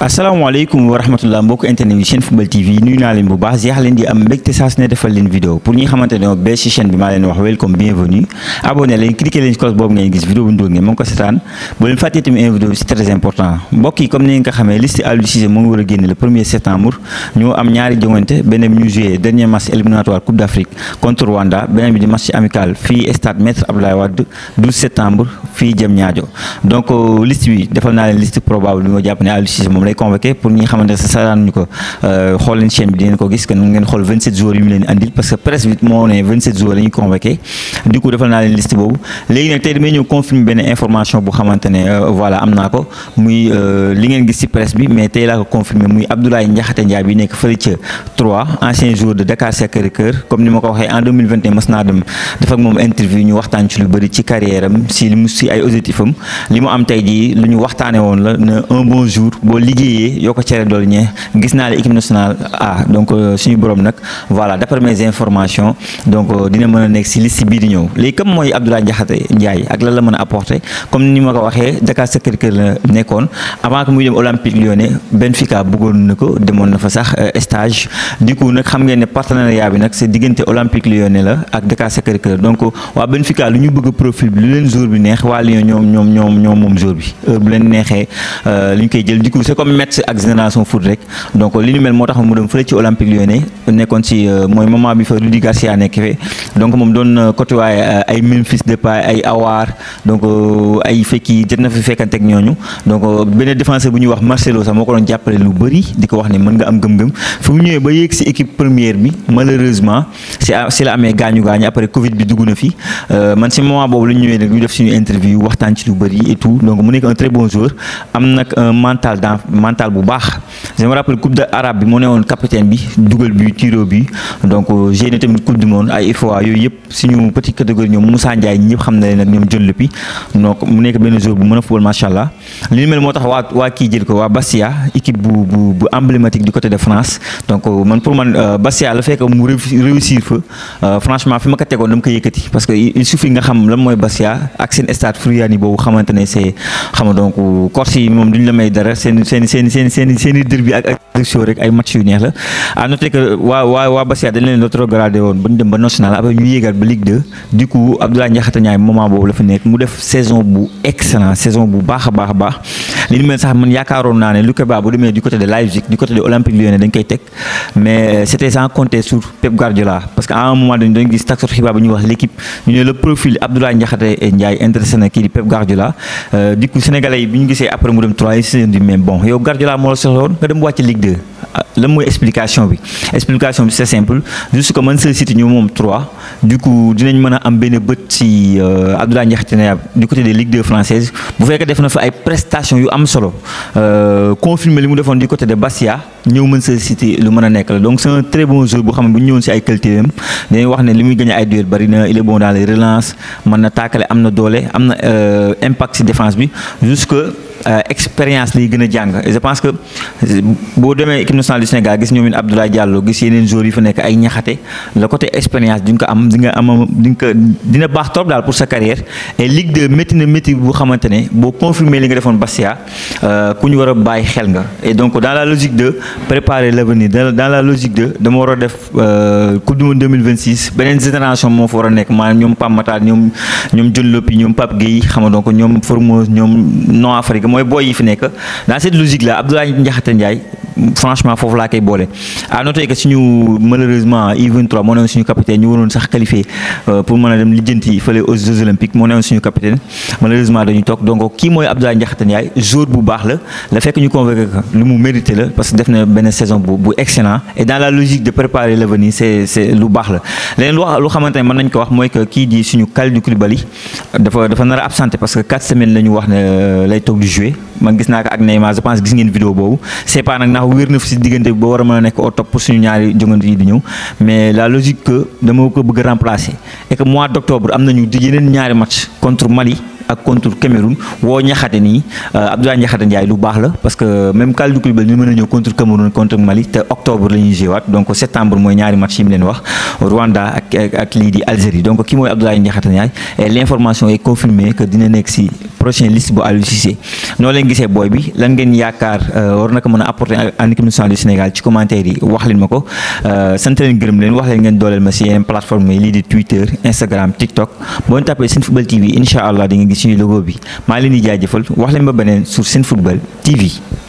asalaamaaleykum wa rahmatulah mbokk internet yi chaîne football tv nuyu naa leen bu baax jeex leen di am mbégte saa su ne defal leen vidéo pour ñi xamante ne bee si chaîne bi maa leen wax welcome bienvenue abonné leen cliqué leen ci boobu ngeen gis vidéo bu ndóol ngeen ko setaan bu leen fàttee tamit un c'est très important mbokk yi comme ni nga xamee liste Aliou Cissé moo ngi war a le premier septembre ñu am ñaari jongante beneen bi lay convoqué pour ñi ramener sa ne saraan ñu ko euh, xool leen chaîne bi dinañ ko que nous ngeen 27 jours yu mu leen andil parce que presse vite on est 27 jours la ñuy convoqué du coup defal naa leen liste boobu léegi nag tey damay ñëw confirmer benn information bu xamante euh, voilà am naa ko muy euh, li ci presse bi mais tey là ko confirmer muy Abdoulaye Ndiakhate Ndiaye bi nekk fële 3 ancien joueur de Dakar Sacré-Cœur comme ni ma ko en 2021 mas naa dem def ak moom interview ñu waxtaan ci lu bëri ci carrière am si li mu si ay objectif am li mu am tey jii lu ñu waxtaanee woon la un bon jour boo yi yoo ko cere dool gis équipe nationale A donc euh, suñu borom nak voilà d'après mes informations donc euh, dina mën nek ci liste bi di ñew léegi comme moy Abdoulaye Ndiakhate Ndiaye ak la la mën apporter comme ni ma ko waxee Dakar Sacré-Cœur la nekkoon avant que muy dem Olympique Lyonnais Benfica bëggon nako ko na fa sax euh, stage du coup nag xam ngeen né partenariat bi nak c'est diggante Olympique Lyonnais la ak Dakar Sacré-Cœur donc wa Benfica lu ñu bëgg profil lu leen jour bi neex wa Lyon ñom ñom ñom ñom moom jour bi heure bu leen nexé euh liñ koy jël du coup c'est comme Metz ak génération foot rek donc li ñu mel motax tax mu dem fële ci Olympique Lyonnais nekkoon ci euh, moy moment bi fa Rudi Garcia nekk fee donc moom doon euh, côtoyé euh, ay Memphis Depay ay Aouar donc ay fekki jot na fi fekkante ak ñoñu donc benn défenseur bu ñuy wax Marcelo sax moko ko jappalé lu bëri diko wax ni mën nga am gëm-gëm fi mu ñëwee ba yéeg si équipe première bi malheureusement c'est c'est la amé gañu gaañu après Covid bi duguna na fi man ci moment bobu lu ñu ñëwee nag ñu def suñu interview waxtaan ci lu bëri et tout donc mu nekk un très bon joueur am nak un mental dans mental bu je me rappelle coupe d'arabe bi mo néwon capitaine bi dougal bi tiro bi donc euh, j'ai tamit coupe du monde ay fois yoy yep suñu petit catégorie ñom Moussa Ndiaye ñep xam na nak ñom jël bi donc mu nek ben jour bu mëna football machallah li mel motax wa wa ki jël ko wa Bastia équipe bu bu, bu emblématique du côté de France donc euh, man pour man euh, Bastia le fait que mu réussir fa franchement fima ka tégon dam ko yëkëti parce que il suffit nga xam lan moy Bastia ak sen stade Friani bobu xamantene c'est xam donc Corsi mom duñ la may dara sen sen sen sen sen derby bi ay match yu neex la à noter que waa waa waa Bastia dañ leen rétrogradé woon ba ñu dem ba national après ñu yéegaat ba Ligue 2 du coup Abdoulaye Ndiakhate Ndiaye moment boobu la fa nekk mu def saison bu excellent saison bu baax a baax a baax li ni mel sax man yaakaaroon naa ne Luka Ba du côté de Leipzig du côté de Olympique Lyonnais dañ koy teg mais euh, c'était sans compter sur Pep Guardiola parce que à un moment dañu doon gis tax sot xibaar bu ñuy wax l'équipe ñu né le profil Abdoulaye Ndiakhate Ndiaye intéressé na kii Pep Guardiola euh du coup sénégalais yi bi ñu gisee après mu dem 3 yi du même bon yo Guardiola mo la soxloon nga dem wacc Ligue 2 ah, lan mooy explication bi explication bi c' simple juste que Manchester City ñu mom 3 du coup dinañ mën am benn beut ci euh, Abdoulaye Ndiakhate Ndiaye du côté de Ligue 2 française bu fekk def na fa ay prestations yu am am solo euh, confirmer li mu defoon du côté de Bastia ñëw mën sa cité lu mëna a la donc c'est un très bon joueur bu xam bu ñu ci ay qualité dañ wax né li muy gagné ay duel bari na il est bon dans les relances man na taakale am na doole euh, impact ci défense bi jusque Euh, expérience lay gën a jàng je pense que boo demee équipe nationale du Sénégal gis ñoom it Abdoulaye Diallo gis yeneen joueurs yi fa nekk ay ñaxate le côté expérience di ko am di am di ko dina baax trop daal pour sa carrière et Ligue 2 métti na métti bu xamante boo confirmé li nga defoon Bastia euh, ku ñu war a bàyyi xel nga et donc dans la logique de préparer l'avenir dans la logique de dama war a def euh, coupe du monde beneen génération moo fa mooy booy yi fi nekk naa cette logique là Abdoulaye Ndiakhate Ndiaye franchement foofu la kay bolé à noter que suñu malheureusement u 3 moo newoon suñu capitaine ñu wonon sax qualifié euh, pour mën a dem lijjanti feulé aux Jeux olympiques moo newoon suñu capitaine malheureusement dañu tok donc ki moy Abdoulaye Ndiakhate Ndiaye jour bu baax la la fekk ñu convoqué lu mu mérité la parce que def na benn saison bu bu excellent et dans la logique de préparer l'avenir c'est c'est lu baax la leneen lu wax lu xamante mën nañ ko wax moy que ki di suñu Kalidou Koulibaly dafa dafa nar a absenté parce que quatre semaines lañu wax né euh, lay tok du jouer man gis naa ko ak Neymar je pense gis ngeen vidéo boobu c'est pas nag ndax wér na fi si diggante ba war a mën a nekk au top pour suñu ñaari jongante yi di ñëw mais la logique dama ko bëgg a remplacer et que mois d'octobre am nañu yeneen ñaari match contre Mali. ak contre Cameroun woo ñaxate nii euh, Abdoulaye Ñaxate lu baax la parce que même Kalidou Koulibaly ni mën a ñëw contre Cameroun contre Mali te octobre la ñuy donc septembre mooy ñaari match yi wax Rwanda ak ak ki mooy Abdoulaye Ñaxate Ndiaye et l'information nekk si prochain liste bu Aliou Cissé noo leen gisee booy bi lan ngeen yaakaar euh, war na ko mën a apporter en équipe du Sénégal ci commentaire yi wax leen ma ko euh, sant leen gërëm leen wax leen ngeen dooleel ma si yeneen plateforme yi lii di Twitter Instagram TikTok boo ñu tapee seen football TV incha allah di nga gis suñu logo bi maa leen di jaajëfal wax leen ba beneen sur seen football TV.